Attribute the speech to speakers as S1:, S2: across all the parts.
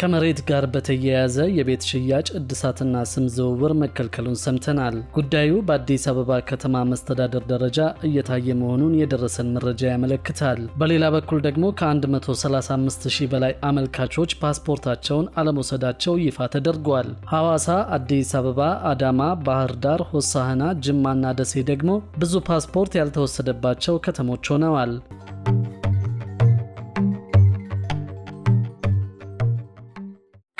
S1: ከመሬት ጋር በተያያዘ የቤት ሽያጭ እድሳትና ስም ዝውውር መከልከሉን ሰምተናል። ጉዳዩ በአዲስ አበባ ከተማ መስተዳደር ደረጃ እየታየ መሆኑን የደረሰን መረጃ ያመለክታል። በሌላ በኩል ደግሞ ከ135 ሺህ በላይ አመልካቾች ፓስፖርታቸውን አለመውሰዳቸው ይፋ ተደርጓል። ሐዋሳ፣ አዲስ አበባ፣ አዳማ፣ ባህር ዳር፣ ሆሳህና፣ ጅማና ደሴ ደግሞ ብዙ ፓስፖርት ያልተወሰደባቸው ከተሞች ሆነዋል።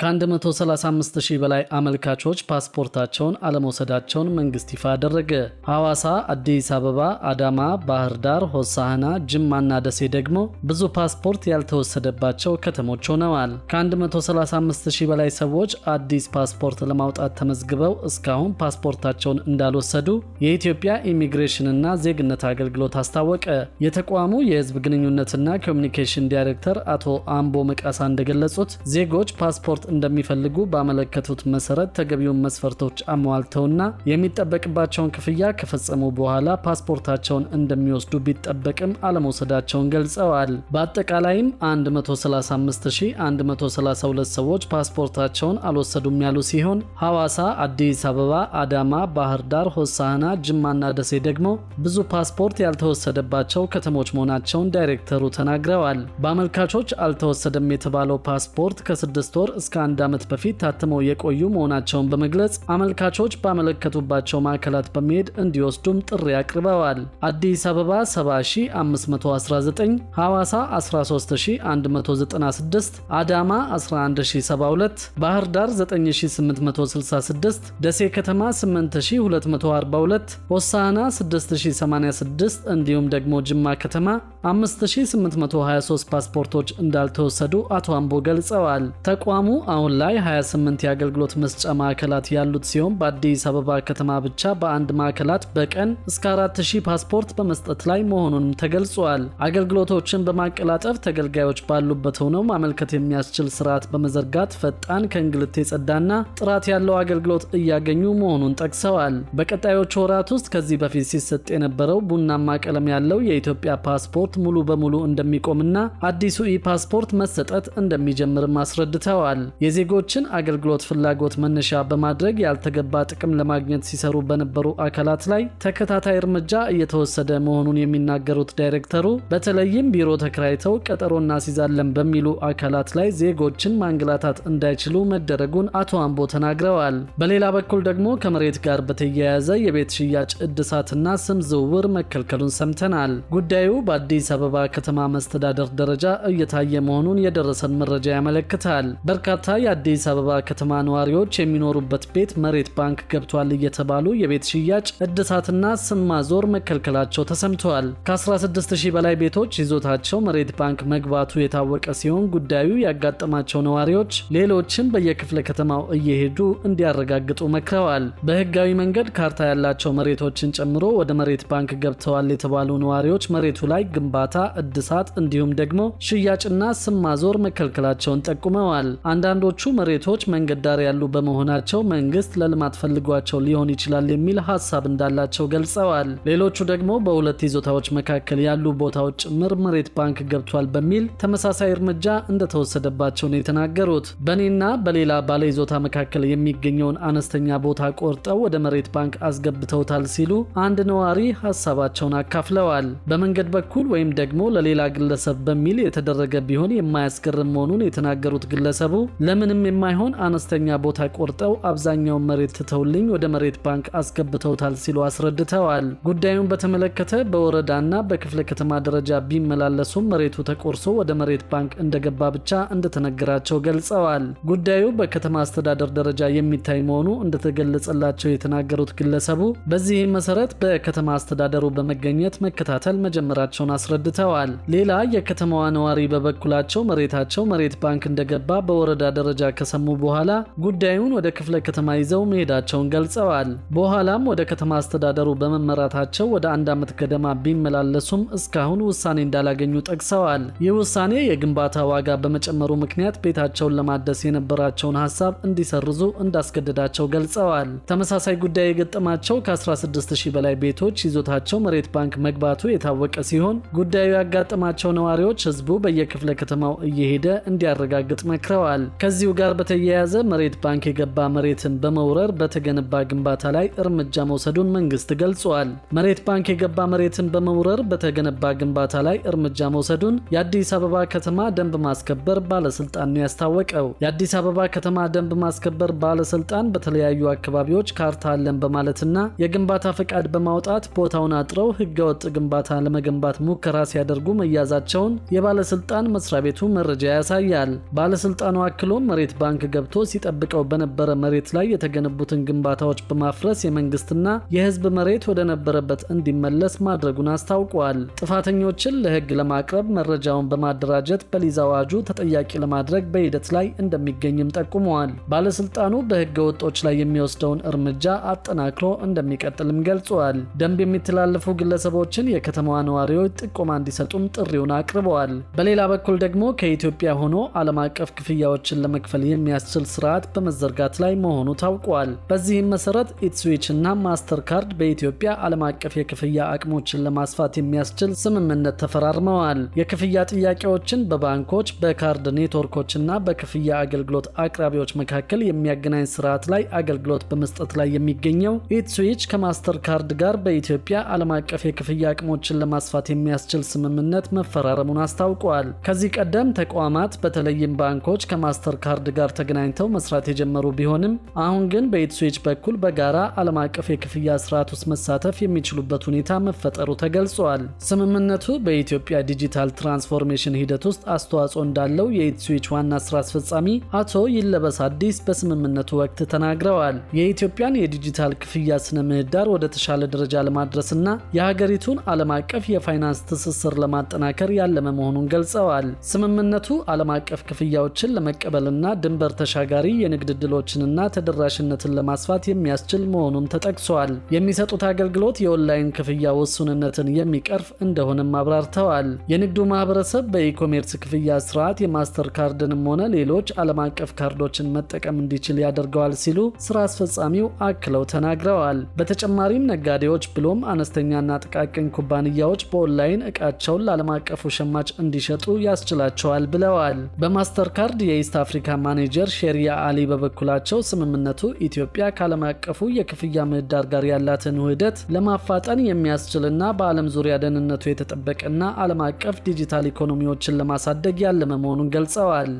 S1: ከ135 ሺህ በላይ አመልካቾች ፓስፖርታቸውን አለመውሰዳቸውን መንግስት ይፋ አደረገ። ሐዋሳ፣ አዲስ አበባ፣ አዳማ፣ ባህር ዳር፣ ሆሳህና፣ ጅማና ደሴ ደግሞ ብዙ ፓስፖርት ያልተወሰደባቸው ከተሞች ሆነዋል። ከ135 ሺህ በላይ ሰዎች አዲስ ፓስፖርት ለማውጣት ተመዝግበው እስካሁን ፓስፖርታቸውን እንዳልወሰዱ የኢትዮጵያ ኢሚግሬሽንና ዜግነት አገልግሎት አስታወቀ። የተቋሙ የህዝብ ግንኙነትና ኮሚኒኬሽን ዳይሬክተር አቶ አምቦ መቃሳ እንደገለጹት ዜጎች ፓስፖርት እንደሚፈልጉ ባመለከቱት መሰረት ተገቢውን መስፈርቶች አሟልተውና የሚጠበቅባቸውን ክፍያ ከፈጸሙ በኋላ ፓስፖርታቸውን እንደሚወስዱ ቢጠበቅም አለመውሰዳቸውን ገልጸዋል። በአጠቃላይም 135132 ሰዎች ፓስፖርታቸውን አልወሰዱም ያሉ ሲሆን ሐዋሳ፣ አዲስ አበባ፣ አዳማ፣ ባህር ዳር፣ ሆሳህና፣ ጅማና ደሴ ደግሞ ብዙ ፓስፖርት ያልተወሰደባቸው ከተሞች መሆናቸውን ዳይሬክተሩ ተናግረዋል። በአመልካቾች አልተወሰደም የተባለው ፓስፖርት ከስድስት ወር እስከ ከአንድ ዓመት በፊት ታትመው የቆዩ መሆናቸውን በመግለጽ አመልካቾች ባመለከቱባቸው ማዕከላት በመሄድ እንዲወስዱም ጥሪ አቅርበዋል። አዲስ አበባ 70519፣ ሐዋሳ 13196፣ አዳማ 11072፣ ባህር ዳር 9866፣ ደሴ ከተማ 8242፣ ሆሳና 6086 እንዲሁም ደግሞ ጅማ ከተማ 5823 ፓስፖርቶች እንዳልተወሰዱ አቶ አምቦ ገልጸዋል። ተቋሙ አሁን ላይ 28 የአገልግሎት መስጫ ማዕከላት ያሉት ሲሆን በአዲስ አበባ ከተማ ብቻ በአንድ ማዕከላት በቀን እስከ 4000 ፓስፖርት በመስጠት ላይ መሆኑንም ተገልጿል። አገልግሎቶችን በማቀላጠፍ ተገልጋዮች ባሉበት ሆነው ማመልከት የሚያስችል ስርዓት በመዘርጋት ፈጣን፣ ከእንግልት የጸዳና ጥራት ያለው አገልግሎት እያገኙ መሆኑን ጠቅሰዋል። በቀጣዮቹ ወራት ውስጥ ከዚህ በፊት ሲሰጥ የነበረው ቡናማ ቀለም ያለው የኢትዮጵያ ፓስፖርት ፓስፖርት ሙሉ በሙሉ እንደሚቆምና አዲሱ ኢ-ፓስፖርት መሰጠት እንደሚጀምርም አስረድተዋል። የዜጎችን አገልግሎት ፍላጎት መነሻ በማድረግ ያልተገባ ጥቅም ለማግኘት ሲሰሩ በነበሩ አካላት ላይ ተከታታይ እርምጃ እየተወሰደ መሆኑን የሚናገሩት ዳይሬክተሩ በተለይም ቢሮ ተከራይተው ቀጠሮ እናስይዛለን በሚሉ አካላት ላይ ዜጎችን ማንገላታት እንዳይችሉ መደረጉን አቶ አምቦ ተናግረዋል። በሌላ በኩል ደግሞ ከመሬት ጋር በተያያዘ የቤት ሽያጭ እድሳትና ስም ዝውውር መከልከሉን ሰምተናል። ጉዳዩ በአዲስ በአዲስ አበባ ከተማ መስተዳደር ደረጃ እየታየ መሆኑን የደረሰን መረጃ ያመለክታል። በርካታ የአዲስ አበባ ከተማ ነዋሪዎች የሚኖሩበት ቤት መሬት ባንክ ገብቷል እየተባሉ የቤት ሽያጭ እድሳትና ስም ማዞር መከልከላቸው ተሰምተዋል። ከ16000 በላይ ቤቶች ይዞታቸው መሬት ባንክ መግባቱ የታወቀ ሲሆን ጉዳዩ ያጋጠማቸው ነዋሪዎች ሌሎችን በየክፍለ ከተማው እየሄዱ እንዲያረጋግጡ መክረዋል። በህጋዊ መንገድ ካርታ ያላቸው መሬቶችን ጨምሮ ወደ መሬት ባንክ ገብተዋል የተባሉ ነዋሪዎች መሬቱ ላይ ግንባታ፣ እድሳት እንዲሁም ደግሞ ሽያጭና ስም ማዞር መከልከላቸውን ጠቁመዋል። አንዳንዶቹ መሬቶች መንገድ ዳር ያሉ በመሆናቸው መንግስት ለልማት ፈልጓቸው ሊሆን ይችላል የሚል ሀሳብ እንዳላቸው ገልጸዋል። ሌሎቹ ደግሞ በሁለት ይዞታዎች መካከል ያሉ ቦታዎች ጭምር መሬት ባንክ ገብቷል በሚል ተመሳሳይ እርምጃ እንደተወሰደባቸው ነው የተናገሩት። በእኔና በሌላ ባለ ይዞታ መካከል የሚገኘውን አነስተኛ ቦታ ቆርጠው ወደ መሬት ባንክ አስገብተውታል ሲሉ አንድ ነዋሪ ሀሳባቸውን አካፍለዋል። በመንገድ በኩል ወይም ደግሞ ለሌላ ግለሰብ በሚል የተደረገ ቢሆን የማያስገርም መሆኑን የተናገሩት ግለሰቡ ለምንም የማይሆን አነስተኛ ቦታ ቆርጠው አብዛኛውን መሬት ትተውልኝ ወደ መሬት ባንክ አስገብተውታል ሲሉ አስረድተዋል። ጉዳዩን በተመለከተ በወረዳና በክፍለ ከተማ ደረጃ ቢመላለሱም መሬቱ ተቆርሶ ወደ መሬት ባንክ እንደገባ ብቻ እንደተነገራቸው ገልጸዋል። ጉዳዩ በከተማ አስተዳደር ደረጃ የሚታይ መሆኑ እንደተገለጸላቸው የተናገሩት ግለሰቡ በዚህም መሰረት በከተማ አስተዳደሩ በመገኘት መከታተል መጀመራቸውን አስረ አስረድተዋል። ሌላ የከተማዋ ነዋሪ በበኩላቸው መሬታቸው መሬት ባንክ እንደገባ በወረዳ ደረጃ ከሰሙ በኋላ ጉዳዩን ወደ ክፍለ ከተማ ይዘው መሄዳቸውን ገልጸዋል። በኋላም ወደ ከተማ አስተዳደሩ በመመራታቸው ወደ አንድ ዓመት ገደማ ቢመላለሱም እስካሁን ውሳኔ እንዳላገኙ ጠቅሰዋል። ይህ ውሳኔ የግንባታ ዋጋ በመጨመሩ ምክንያት ቤታቸውን ለማደስ የነበራቸውን ሀሳብ እንዲሰርዙ እንዳስገደዳቸው ገልጸዋል። ተመሳሳይ ጉዳይ የገጠማቸው ከ16000 በላይ ቤቶች ይዞታቸው መሬት ባንክ መግባቱ የታወቀ ሲሆን ጉዳዩ ያጋጠማቸው ነዋሪዎች ህዝቡ በየክፍለ ከተማው እየሄደ እንዲያረጋግጥ መክረዋል። ከዚሁ ጋር በተያያዘ መሬት ባንክ የገባ መሬትን በመውረር በተገነባ ግንባታ ላይ እርምጃ መውሰዱን መንግስት ገልጿል። መሬት ባንክ የገባ መሬትን በመውረር በተገነባ ግንባታ ላይ እርምጃ መውሰዱን የአዲስ አበባ ከተማ ደንብ ማስከበር ባለስልጣን ነው ያስታወቀው። የአዲስ አበባ ከተማ ደንብ ማስከበር ባለስልጣን በተለያዩ አካባቢዎች ካርታ አለን በማለትና የግንባታ ፈቃድ በማውጣት ቦታውን አጥረው ህገወጥ ግንባታ ለመገንባት ሙከ ሙከራ ሲያደርጉ መያዛቸውን የባለስልጣን መስሪያ ቤቱ መረጃ ያሳያል። ባለስልጣኑ አክሎም መሬት ባንክ ገብቶ ሲጠብቀው በነበረ መሬት ላይ የተገነቡትን ግንባታዎች በማፍረስ የመንግስትና የህዝብ መሬት ወደ ነበረበት እንዲመለስ ማድረጉን አስታውቋል። ጥፋተኞችን ለህግ ለማቅረብ መረጃውን በማደራጀት በሊዝ አዋጁ ተጠያቂ ለማድረግ በሂደት ላይ እንደሚገኝም ጠቁመዋል። ባለስልጣኑ በህገ ወጦች ላይ የሚወስደውን እርምጃ አጠናክሮ እንደሚቀጥልም ገልጿል። ደንብ የሚተላለፉ ግለሰቦችን የከተማዋ ነዋሪዎች ጥቆማ እንዲሰጡም ጥሪውን አቅርበዋል። በሌላ በኩል ደግሞ ከኢትዮጵያ ሆኖ ዓለም አቀፍ ክፍያዎችን ለመክፈል የሚያስችል ስርዓት በመዘርጋት ላይ መሆኑ ታውቋል። በዚህም መሰረት ኢትስዊች እና ማስተር ካርድ በኢትዮጵያ ዓለም አቀፍ የክፍያ አቅሞችን ለማስፋት የሚያስችል ስምምነት ተፈራርመዋል። የክፍያ ጥያቄዎችን በባንኮች በካርድ ኔትወርኮች እና በክፍያ አገልግሎት አቅራቢዎች መካከል የሚያገናኝ ስርዓት ላይ አገልግሎት በመስጠት ላይ የሚገኘው ኢትስዊች ከማስተር ካርድ ጋር በኢትዮጵያ ዓለም አቀፍ የክፍያ አቅሞችን ለማስፋት የሚያስ የሚያስችል ስምምነት መፈራረሙን አስታውቋል። ከዚህ ቀደም ተቋማት በተለይም ባንኮች ከማስተር ካርድ ጋር ተገናኝተው መስራት የጀመሩ ቢሆንም አሁን ግን በኢትስዊች በኩል በጋራ ዓለም አቀፍ የክፍያ ስርዓት ውስጥ መሳተፍ የሚችሉበት ሁኔታ መፈጠሩ ተገልጿል። ስምምነቱ በኢትዮጵያ ዲጂታል ትራንስፎርሜሽን ሂደት ውስጥ አስተዋጽኦ እንዳለው የኢትስዊች ዋና ስራ አስፈጻሚ አቶ ይለበስ አዲስ በስምምነቱ ወቅት ተናግረዋል። የኢትዮጵያን የዲጂታል ክፍያ ስነ ምህዳር ወደ ተሻለ ደረጃ ለማድረስና የሀገሪቱን ዓለም አቀፍ የፋይናንስ ትስስር ለማጠናከር ያለመ መሆኑን ገልጸዋል። ስምምነቱ ዓለም አቀፍ ክፍያዎችን ለመቀበልና ድንበር ተሻጋሪ የንግድ ዕድሎችንና ተደራሽነትን ለማስፋት የሚያስችል መሆኑን ተጠቅሷል። የሚሰጡት አገልግሎት የኦንላይን ክፍያ ውሱንነትን የሚቀርፍ እንደሆነም አብራርተዋል። የንግዱ ማህበረሰብ በኢኮሜርስ ክፍያ ስርዓት የማስተር ካርድንም ሆነ ሌሎች ዓለም አቀፍ ካርዶችን መጠቀም እንዲችል ያደርገዋል ሲሉ ስራ አስፈጻሚው አክለው ተናግረዋል። በተጨማሪም ነጋዴዎች ብሎም አነስተኛና ጥቃቅን ኩባንያዎች በኦንላይን ግን እቃቸውን ለዓለም አቀፉ ሸማች እንዲሸጡ ያስችላቸዋል ብለዋል። በማስተርካርድ የኢስት አፍሪካ ማኔጀር ሼሪያ አሊ በበኩላቸው ስምምነቱ ኢትዮጵያ ከዓለም አቀፉ የክፍያ ምህዳር ጋር ያላትን ውህደት ለማፋጠን የሚያስችልና በዓለም ዙሪያ ደህንነቱ የተጠበቀና ዓለም አቀፍ ዲጂታል ኢኮኖሚዎችን ለማሳደግ ያለመ መሆኑን ገልጸዋል።